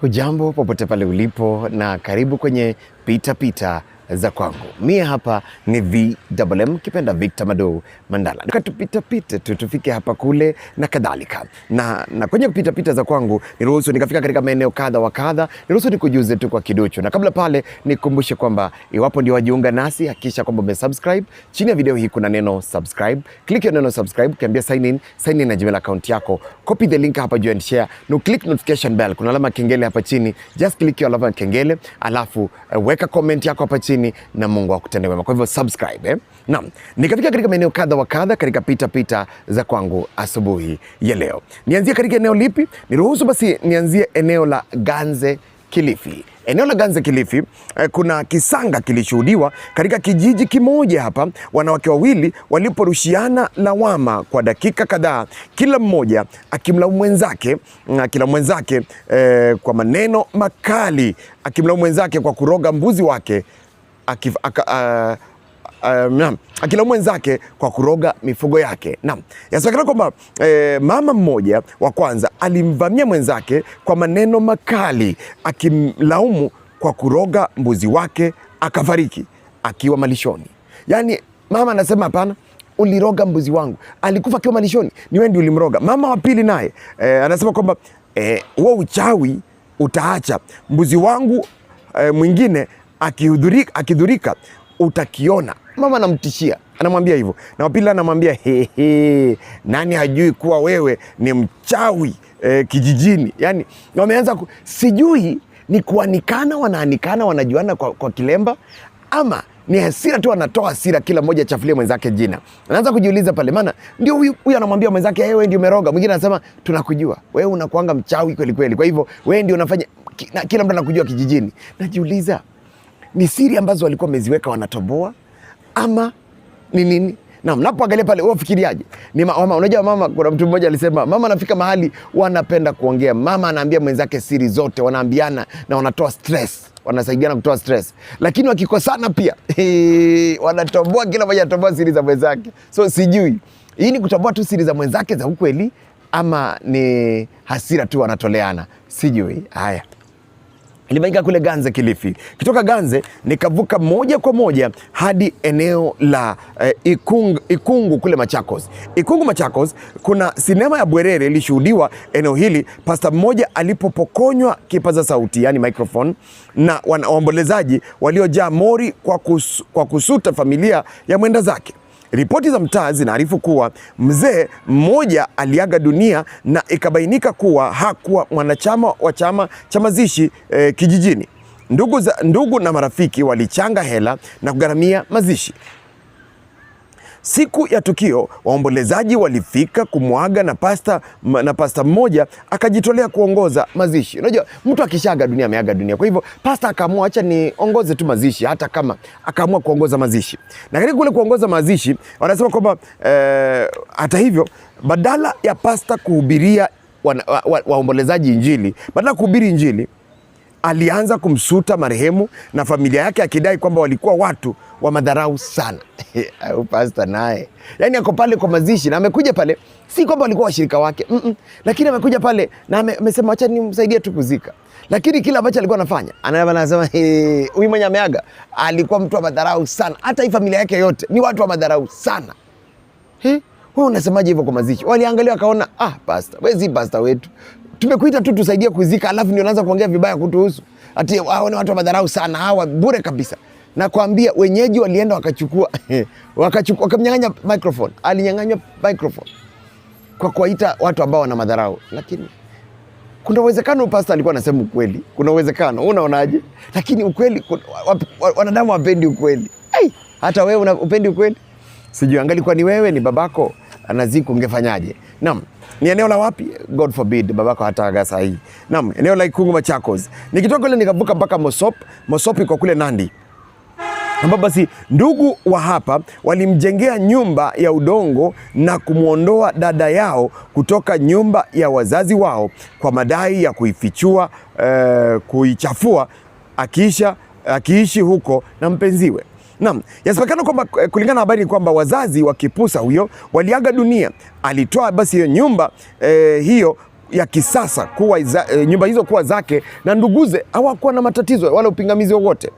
Hujambo popote pale ulipo na karibu kwenye pita pita za kwangu. Mie hapa ni VMM kipenda Victor Mado Mandala, nika tupita pita tu tufike hapa kule na kadhalika na, na kwenye pita za kwangu niruhusu nikafika katika maeneo kadha wa kadha, niruhusu nikujuze tu kwa kiduchu, na kabla pale nikukumbushe kwamba iwapo ndio wajiunga nasi, hakikisha kwamba umesubscribe. Chini ya video hii kuna neno subscribe, click ya neno subscribe, kiambia sign in, sign in na Gmail account yako, copy the link hapa juu and share, no click notification bell, kuna alama kengele hapa chini, just click hiyo alama kengele alafu uh, weka comment yako hapa chini na Mungu akutende wema. Kwa hivyo subscribe, eh? Naam, nikafika katika maeneo kadha wa kadha katika pita pita za kwangu asubuhi ya leo. Nianzie katika eneo lipi? Niruhusu basi nianzie eneo la Ganze Kilifi. Eneo la Ganze Kilifi, eh, kuna kisanga kilishuhudiwa katika kijiji kimoja hapa, wanawake wawili waliporushiana lawama kwa dakika kadhaa, kila mmoja akimlaumu mwenzake, mm, kila mwenzake eh, kwa maneno makali, akimlaumu mwenzake kwa kuroga mbuzi wake akif, ak, uh, ah, um, eh, akila mwenzake kwa kuroga mifugo yake. Naam, yasemekana kwamba e, mama mmoja wa kwanza alimvamia mwenzake kwa maneno makali akimlaumu kwa kuroga mbuzi wake akafariki akiwa malishoni. Yaani mama anasema hapana, uliroga mbuzi wangu, alikufa akiwa malishoni, ni wewe ulimroga. Mama wa pili naye e, anasema kwamba huo e, uchawi utaacha mbuzi wangu e, mwingine akidhurika utakiona. Mama anamtishia anamwambia hivyo, na wapili anamwambia hehe, nani hajui kuwa wewe ni mchawi eh, kijijini. Yani wameanza ku, sijui ni kuanikana, wanaanikana, wanajuana kwa, kwa kilemba ama ni hasira tu, anatoa hasira, kila mmoja achafulie mwenzake jina. Anaanza kujiuliza pale, maana ndio huyu huyu anamwambia mwenzake hey, wewe ndio umeroga. Mwingine anasema tunakujua wewe unakuanga mchawi kweli kweli, kwa hivyo wewe ndio unafanya. Kila mtu anakujua kijijini. Najiuliza ni siri ambazo walikuwa wameziweka wanatoboa, ama ni nini? Na mnapoangalia pale wafikiriaje? Ni mama, unajua mama, kuna mtu mmoja alisema mama anafika mahali wanapenda kuongea, mama anaambia mwenzake siri zote, wanaambiana na wanatoa stress, wanasaidiana kutoa stress, lakini wakikosana pia wanatoboa, kila mmoja anatoboa siri za mwenzake. So sijui hii ni kutoboa tu siri za mwenzake za ukweli ama ni hasira tu wanatoleana, sijui haya ilifanyika kule Ganze, Kilifi. Kitoka Ganze nikavuka moja kwa moja hadi eneo la eh, Ikungu, Ikungu kule Machakos. Ikungu Machakos kuna sinema ya Bwerere ilishuhudiwa eneo hili, pasta mmoja alipopokonywa kipaza sauti, yani microphone, na waombolezaji waliojaa mori kwa, kus, kwa kusuta familia ya mwenda zake. Ripoti za mtaa zinaarifu kuwa mzee mmoja aliaga dunia na ikabainika kuwa hakuwa mwanachama wa chama cha mazishi eh, kijijini. Ndugu, za, ndugu na marafiki walichanga hela na kugharamia mazishi. Siku ya tukio, waombolezaji walifika kumwaga na pasta, na pasta mmoja akajitolea kuongoza mazishi. Unajua mtu akishaga dunia ameaga dunia, kwa hivyo pasta akaamua acha niongoze tu mazishi, hata kama akaamua kuongoza mazishi. Na katika kule kuongoza mazishi wanasema kwamba eh, hata hivyo badala ya pasta kuhubiria waombolezaji wa, wa Injili, badala ya kuhubiri Injili alianza kumsuta marehemu na familia yake akidai kwamba walikuwa watu wa madharau sana. Au pasta naye, yaani ako pale kwa mazishi na amekuja pale, si kwamba walikuwa washirika wake mm -mm, lakini amekuja pale na amesema acha nimsaidie tu kuzika, lakini kila ambacho alikuwa anafanya anasema huyu mwenye ameaga alikuwa mtu wa madharau sana, hata hii familia yake yote ni watu wa madharau sana. He? Wewe unasemaje hivyo kwa mazishi? Waliangalia wakaona, ah, pasta, wezi pasta wetu Tumekuita tu tusaidie kuzika, alafu ndio unaanza kuongea vibaya kutuhusu, ati hao ah, ni watu wa madharau sana, hawa bure kabisa. Nakwambia wenyeji walienda wakachukua wakachukua wakamnyang'anya microphone, alinyang'anywa microphone kwa kuwaita watu ambao wana madharau, lakini kuna uwezekano pasta alikuwa anasema ukweli, kuna uwezekano unaonaje? Lakini ukweli wanadamu wapendi ukweli. Hey, hata wewe unapendi ukweli, sijui angalikuwa ni wewe ni babako anaziku ungefanyaje? Naam, ni eneo la wapi? God forbid babako aga saa hii. Naam, eneo la Ikungu Machakos. Nikitoka kule nikavuka mpaka Mosop, Mosop iko kule Nandi ambapo basi ndugu wa hapa walimjengea nyumba ya udongo na kumwondoa dada yao kutoka nyumba ya wazazi wao kwa madai ya kuifichua, eh, kuichafua akiisha akiishi huko na mpenziwe. Naam, yasemekana kwamba eh, kulingana na habari ni kwamba wazazi wa kipusa huyo waliaga dunia. Alitoa basi hiyo nyumba eh, hiyo ya kisasa kuwa za, e, nyumba hizo kuwa zake na nduguze hawakuwa na matatizo wala upingamizi wowote.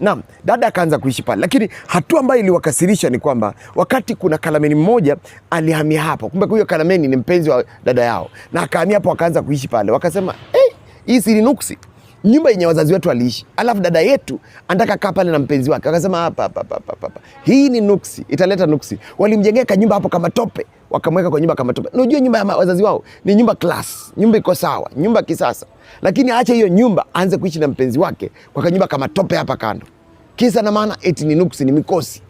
Naam, dada akaanza kuishi pale, lakini hatua ambayo iliwakasirisha ni kwamba wakati kuna kalameni mmoja alihamia hapo, kumbe huyo kalameni ni mpenzi wa dada yao na akahamia hapo, akaanza kuishi pale, wakasema hey, eh, hii si nuksi nyumba yenye wazazi wetu waliishi, alafu dada yetu anataka kaa pale na mpenzi wake, wakasema hapa ah, hapa hapa hii ni nuksi, italeta nuksi. Walimjengea ka nyumba hapo kama tope, wakamweka kwa nyumba kama tope. Na unajua nyumba ya wazazi wao ni nyumba class, nyumba iko sawa, nyumba kisasa, lakini aache hiyo nyumba, aanze kuishi na mpenzi wake kwa kanyumba kama tope hapa kando, kisa na maana eti ni nuksi, ni mikosi.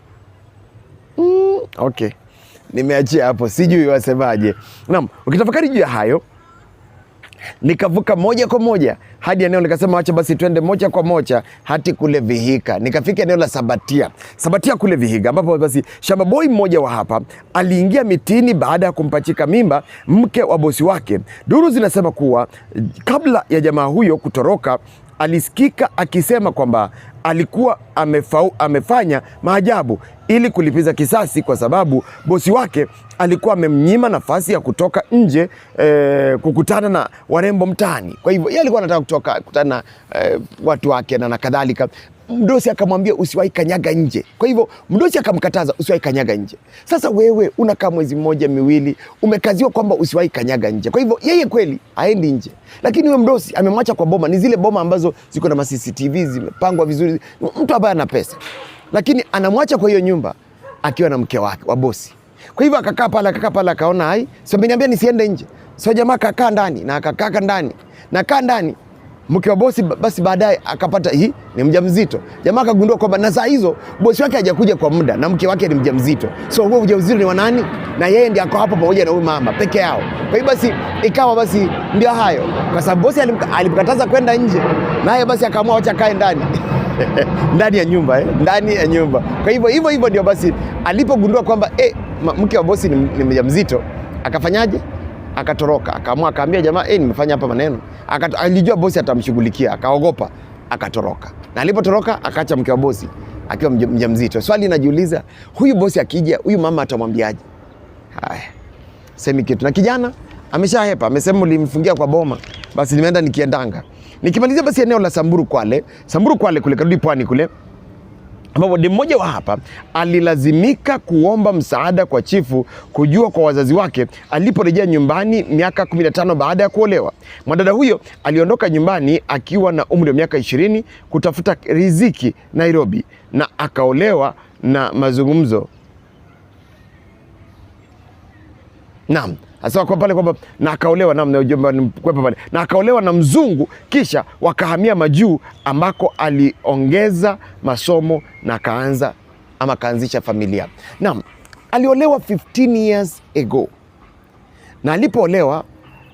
Mm, okay, nimeachia hapo, sijui wasemaje. Naam, ukitafakari juu ya hayo nikavuka moja kwa moja hadi eneo nikasema, acha basi twende moja kwa moja hadi kule Vihiga. Nikafika eneo la Sabatia, Sabatia kule Vihiga, ambapo basi shamba boy mmoja wa hapa aliingia mitini baada ya kumpachika mimba mke wa bosi wake. Duru zinasema kuwa kabla ya jamaa huyo kutoroka alisikika akisema kwamba alikuwa amefau, amefanya maajabu ili kulipiza kisasi kwa sababu bosi wake alikuwa amemnyima nafasi ya kutoka nje e, kukutana na warembo mtaani. Kwa hivyo yeye alikuwa anataka kutoka kukutana na eh, watu wake na kadhalika, mdosi akamwambia usiwahi kanyaga nje. Kwa hivyo mdosi akamkataza usiwahi kanyaga nje. Sasa wewe unakaa mwezi mmoja miwili, umekaziwa kwamba usiwahi kanyaga nje. Kwa hivyo yeye kweli aendi nje, lakini huyo mdosi amemwacha kwa boma. Ni zile boma ambazo ziko na CCTV zimepangwa vizuri, mtu ambaye ana pesa, lakini anamwacha kwa hiyo nyumba akiwa na mke wake wa bosi. Kwa hivyo akakaa pale, akakaa pale, akaona hai, sio ameniambia nisiende nje, sio jamaa akakaa ndani na akakaa ndani na kaa ndani mke wa bosi, basi baadaye akapata hii ni mjamzito. Jamaa akagundua kwamba na saa hizo bosi wake hajakuja kwa muda na mke wake ni mjamzito, so huo ujauzito ni wa nani? Na yeye ndiye ako hapo pamoja na huyu mama peke yao. Kwa hiyo basi ikawa basi ndio hayo, kwa sababu bosi alimkataza kwenda nje, naye basi akaamua acha kae ndani ndani ya nyumba eh? ndani ya nyumba. Kwa hivyo hivyo hivyo ndio basi alipogundua kwamba eh, mke wa bosi ni, ni mjamzito akafanyaje? akatoroka, akaamua akaambia jamaa, eh, nimefanya hapa maneno. alijua bosi atamshughulikia, akaogopa, akatoroka. Na alipotoroka akaacha mke wa bosi akiwa mjamzito. Swali najiuliza, huyu bosi akija, huyu mama atamwambiaje? Haya. Semi kitu. Na kijana ameshahepa, amesema ulimfungia kwa boma. Basi nimeenda nikiendanga. Nikimalizia basi eneo la Samburu Kwale, Samburu Kwale kule karudi pwani kule ambapo de mmoja wa hapa alilazimika kuomba msaada kwa chifu kujua kwa wazazi wake aliporejea nyumbani miaka 15 baada ya kuolewa. Mwanadada huyo aliondoka nyumbani akiwa na umri wa miaka 20 kutafuta riziki Nairobi, na akaolewa na mazungumzo. Naam. Asema kwa pale kwamba na akaolewa na ujumbe nimkwepa pale. Na akaolewa na mzungu kisha wakahamia majuu ambako aliongeza masomo na kaanza ama kaanzisha familia. Naam, aliolewa 15 years ago. Na alipoolewa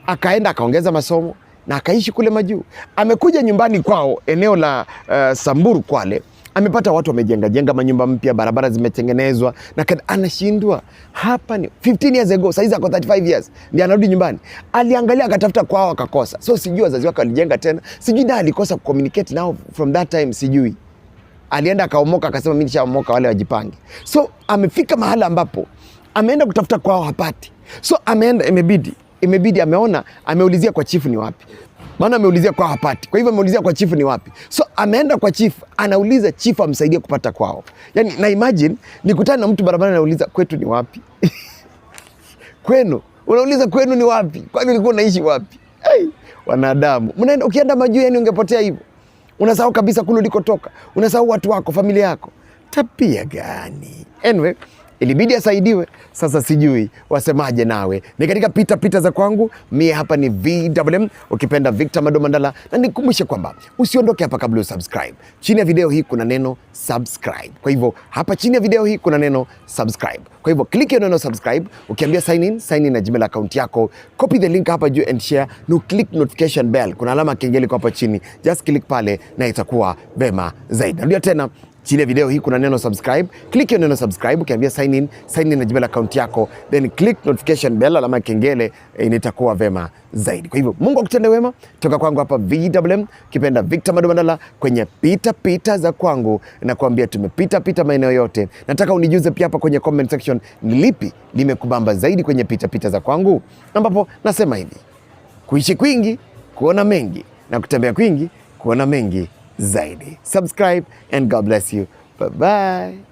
akaenda akaongeza masomo na akaishi kule majuu. Amekuja nyumbani kwao eneo la uh, Samburu Kwale amepata watu wamejenga jenga manyumba mpya, barabara zimetengenezwa na kada, anashindwa hapa. Ni 15 years ago, saizi ako 35 years, ndio anarudi nyumbani. Aliangalia akatafuta kwao akakosa, so sijui wazazi wake walijenga tena, sijui da alikosa communicate nao from that time, sijui alienda akaomoka, akasema mimi nishaomoka, wale wajipange. So amefika mahala ambapo ameenda kutafuta kwao hapati, so ameenda, imebidi imebidi, ameona, ameulizia kwa chifu ni wapi maana ameulizia kwa hapati, kwa hivyo ameulizia kwa chifu ni wapi. So ameenda kwa chifu, anauliza chifu amsaidie kupata kwao. Yani na imagine nikutane na mtu barabarani anauliza kwetu ni wapi? kwenu unauliza kwenu ni wapi? Kwani ulikuwa unaishi wapi? Hey, wanadamu mnaenda, ukienda majuu yani ungepotea hivyo, unasahau kabisa kule ulikotoka, unasahau watu wako, familia yako. Tabia gani? Anyway, ilibidi asaidiwe. Sasa sijui wasemaje nawe. Ni katika pita pita za kwangu, mie hapa ni VMM, ukipenda Victor Mado Mandala, na nikumbushe kwamba usiondoke hapa kabla usubscribe. Chini ya video hii kuna neno subscribe, kwa hivyo hapa chini ya video hii kuna neno subscribe, kwa hivyo click hiyo neno subscribe. Ukiambia sign in, sign in na Gmail account yako, copy the link hapa juu and share, na click notification bell. Kuna alama kengele hapa chini, just click pale na itakuwa vema zaidi. Narudia tena Chini ya video hii kuna neno subscribe. Click hiyo neno subscribe, ukiambia sign in, sign in na Gmail account yako, then click notification bell, alama ya kengele, eh, inatakuwa vema zaidi. Kwa hivyo Mungu akutende wema toka kwangu hapa VMM, kipenda Victor Mandala kwenye pita pita za kwangu, na kuambia tumepita pita maeneo yote. Nataka unijuze pia hapa kwenye comment section ni lipi limekubamba zaidi kwenye pita pita za kwangu, ambapo nasema hivi: kuishi kwingi kuona mengi na kutembea kwingi kuona mengi. zaidi. Subscribe and God bless you. Bye bye.